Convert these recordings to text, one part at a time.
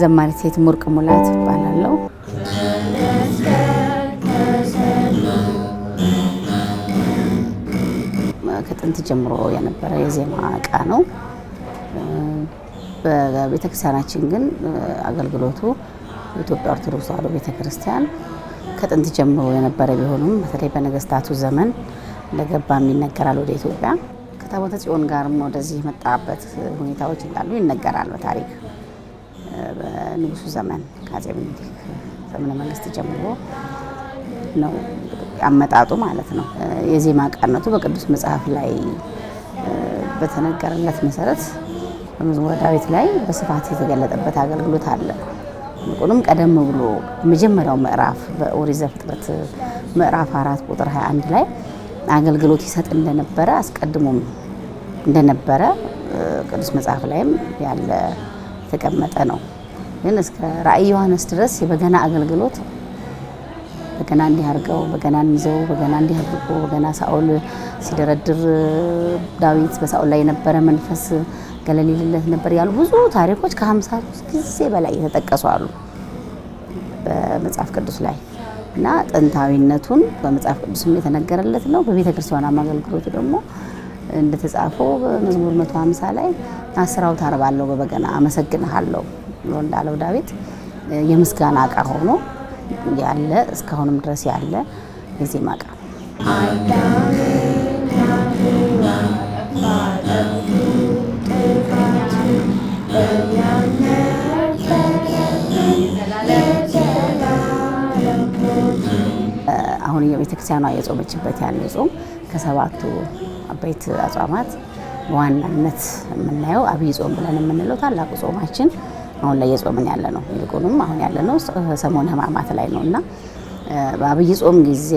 ዘማሪት ሴት ሙርቅ ሙላት ይባላለሁ። ከጥንት ጀምሮ የነበረ የዜማ እቃ ነው። በቤተክርስቲያናችን ግን አገልግሎቱ በኢትዮጵያ ኦርቶዶክስ ተዋህዶ ቤተክርስቲያን ከጥንት ጀምሮ የነበረ ቢሆንም በተለይ በነገስታቱ ዘመን እንደገባም ይነገራል ወደ ኢትዮጵያ። ከታቦተ ጽዮን ጋርም ወደዚህ የመጣበት ሁኔታዎች እንዳሉ ይነገራል በታሪክ ከንጉሱ ዘመን ከአጼ ምኒልክ ዘመነ መንግስት ጀምሮ ነው አመጣጡ ማለት ነው። የዜማ ቃነቱ በቅዱስ መጽሐፍ ላይ በተነገረለት መሰረት በመዝሙረ ዳዊት ላይ በስፋት የተገለጠበት አገልግሎት አለ። ይልቁንም ቀደም ብሎ መጀመሪያው ምዕራፍ በኦሪት ዘፍጥረት ምዕራፍ አራት ቁጥር 21 ላይ አገልግሎት ይሰጥ እንደነበረ አስቀድሞም እንደነበረ ቅዱስ መጽሐፍ ላይም ያለ የተቀመጠ ነው። ግን እስከ ራእይ ዮሐንስ ድረስ የበገና አገልግሎት በገና እንዲህ አድርገው በገና እንይዘው በገና እንዲህ አድርጎ በገና ሳኦል ሲደረድር ዳዊት በሳኦል ላይ የነበረ መንፈስ ገለል ነበር ያሉ ብዙ ታሪኮች ከሀምሳ ጊዜ በላይ የተጠቀሱ አሉ በመጽሐፍ ቅዱስ ላይ እና ጥንታዊነቱን በመጽሐፍ ቅዱስም የተነገረለት ነው። በቤተ ክርስቲያን አገልግሎቱ ደግሞ እንደተጻፈው በመዝሙር 150 ላይ አስር አውታር በበገና አመሰግንሃለሁ ብሎ እንዳለው ዳዊት የምስጋና ዕቃ ሆኖ ያለ እስካሁንም ድረስ ያለ የዜማ ዕቃ አሁን የቤተክርስቲያኗ የጾመችበት ያለ ጾም ከሰባቱ አበይት አጽዋማት በዋናነት የምናየው አብይ ጾም ብለን የምንለው ታላቁ ጾማችን አሁን ላይ የጾምን ያለ ነው። ይልቁንም አሁን ያለ ነው ሰሞን ህማማት ላይ ነው እና በአብይ ጾም ጊዜ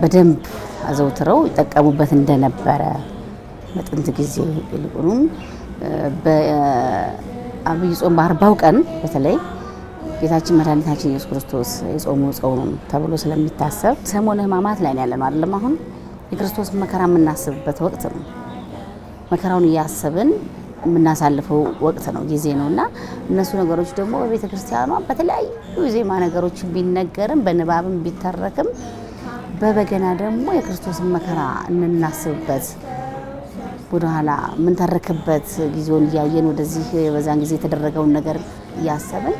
በደንብ አዘውትረው ይጠቀሙበት እንደነበረ በጥንት ጊዜ ይልቁንም በአብይ ጾም በአርባው ቀን በተለይ ጌታችን መድኃኒታችን ኢየሱስ ክርስቶስ የጾሙ ጾም ተብሎ ስለሚታሰብ ሰሞነ ህማማት ላይ ያለ ነው አይደለም። አሁን የክርስቶስን መከራ የምናስብበት ወቅት ነው። መከራውን እያሰብን የምናሳልፈው ወቅት ነው ጊዜ ነው እና እነሱ ነገሮች ደግሞ በቤተ ክርስቲያኗ በተለያዩ ዜማ ነገሮች ቢነገርም በንባብም ቢተረክም በበገና ደግሞ የክርስቶስን መከራ እንናስብበት ወደኋላ የምንተርክበት ጊዜውን እያየን ወደዚህ በዛን ጊዜ የተደረገውን ነገር እያሰብን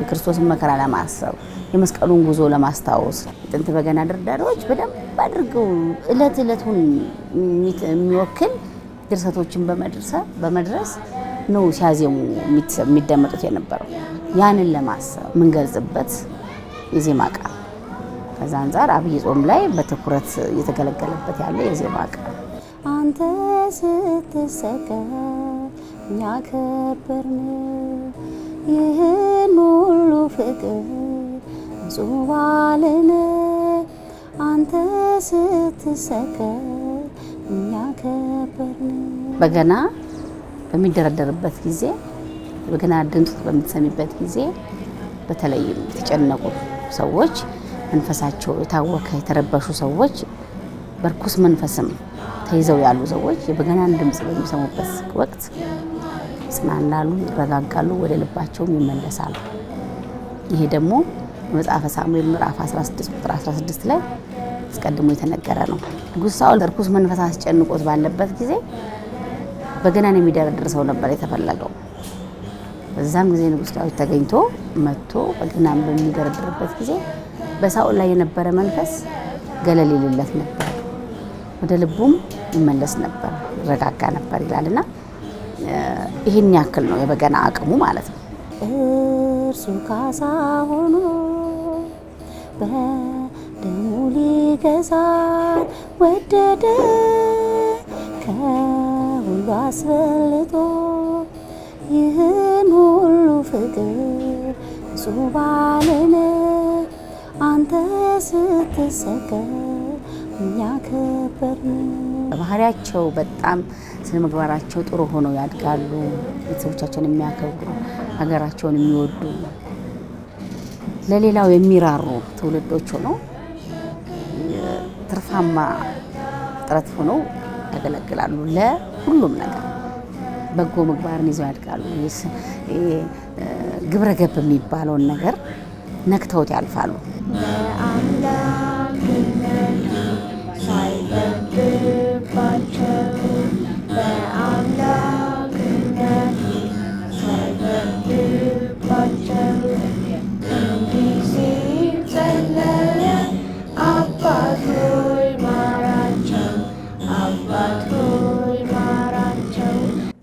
የክርስቶስን መከራ ለማሰብ የመስቀሉን ጉዞ ለማስታወስ የጥንት በገና ድርዳሪዎች በደንብ አድርገው እለት እለቱን የሚወክል ድርሰቶችን በመድረስ ነው ሲያዜሙ የሚደመጡት የነበረው። ያንን ለማሰብ የምንገልጽበት የዜማ ቃል ከዛ አንጻር አብይ ጾም ላይ በትኩረት እየተገለገለበት ያለ የዜማ ቃል አንተ ስትሰቀል እኛ ከበርን ይህን ሁሉ ፍቅር ጹባልን አንተ ስትሰቀል እኛ ከበርን በገና በሚደረደርበት ጊዜ በገና ድምፅ በምትሰሚበት ጊዜ በተለይም የተጨነቁ ሰዎች መንፈሳቸው የታወከ የተረበሹ ሰዎች በርኩስ መንፈስም ተይዘው ያሉ ሰዎች የበገናን ድምፅ በሚሰሙበት ወቅት ይጽናናሉ፣ ይረጋጋሉ፣ ወደ ልባቸውም ይመለሳሉ። ይሄ ደግሞ መጽሐፈ ሳሙኤል ምዕራፍ 16 ቁጥር 16 ላይ አስቀድሞ የተነገረ ነው። ንጉሥ ሳኦል ርኩስ መንፈስ አስጨንቆት ባለበት ጊዜ በገናን የሚደረድር ሰው ነበር የተፈለገው። በዛም ጊዜ ንጉስ ዳዊት ተገኝቶ መጥቶ በገናን በሚደረድርበት ጊዜ በሳኦል ላይ የነበረ መንፈስ ገለል ይልለት ነበር፣ ወደ ልቡም ይመለስ ነበር፣ ይረጋጋ ነበር ይላል እና ይህን ያክል ነው የበገና አቅሙ ማለት ነው። እርሱ ካሳ ሆኖ በደሙ ሊገዛ ወደደ። አስፈልጦ ይህን ሁሉ ፍቅር እሱ ባልን አንተ ስትሰቀል እኛ ከበርን። በባህሪያቸው በጣም ስነ ምግባራቸው ጥሩ ሆነው ያድጋሉ። ቤተሰቦቻቸውን የሚያከብሩ ሀገራቸውን የሚወዱ ለሌላው የሚራሩ ትውልዶች ሆነው ትርፋማ ጥረት ሆነው ያገለግላሉ ለሁሉም ነገር በጎ ምግባርን ይዘው ያድጋሉ። ግብረ ገብ የሚባለውን ነገር ነክተውት ያልፋሉ።